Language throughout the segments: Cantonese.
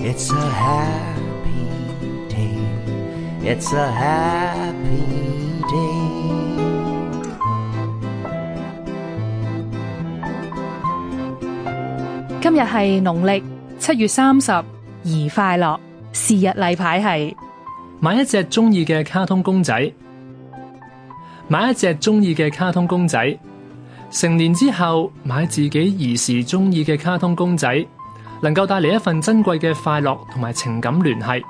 It's a happy day. It's a happy day. 今日係農曆七月三十，是日快樂。是日例牌係買一隻中意嘅卡通公仔，買一隻中意嘅卡通公仔。成年之後，買自己兒時中意嘅卡通公仔。能夠帶嚟一份珍貴嘅快樂同埋情感聯繫，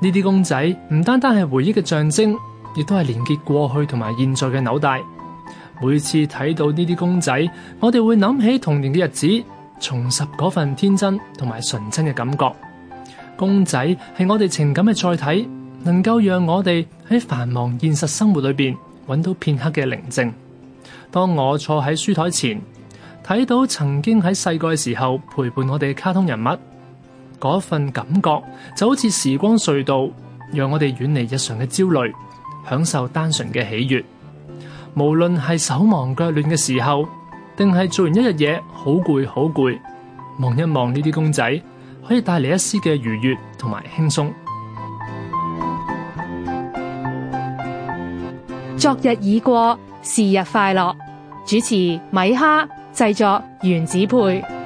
呢啲公仔唔單單係回憶嘅象徵，亦都係連結過去同埋現在嘅紐帶。每次睇到呢啲公仔，我哋會諗起童年嘅日子，重拾嗰份天真同埋純真嘅感覺。公仔係我哋情感嘅載體，能夠讓我哋喺繁忙現實生活裏邊揾到片刻嘅寧靜。當我坐喺書台前。睇到曾經喺細個嘅時候陪伴我哋卡通人物嗰份感覺，就好似時光隧道，讓我哋遠離日常嘅焦慮，享受單純嘅喜悅。無論係手忙腳亂嘅時候，定係做完一日嘢好攰好攰，望一望呢啲公仔，可以帶嚟一絲嘅愉悅同埋輕鬆。昨日已過，是日快樂。主持米哈。製作原子配。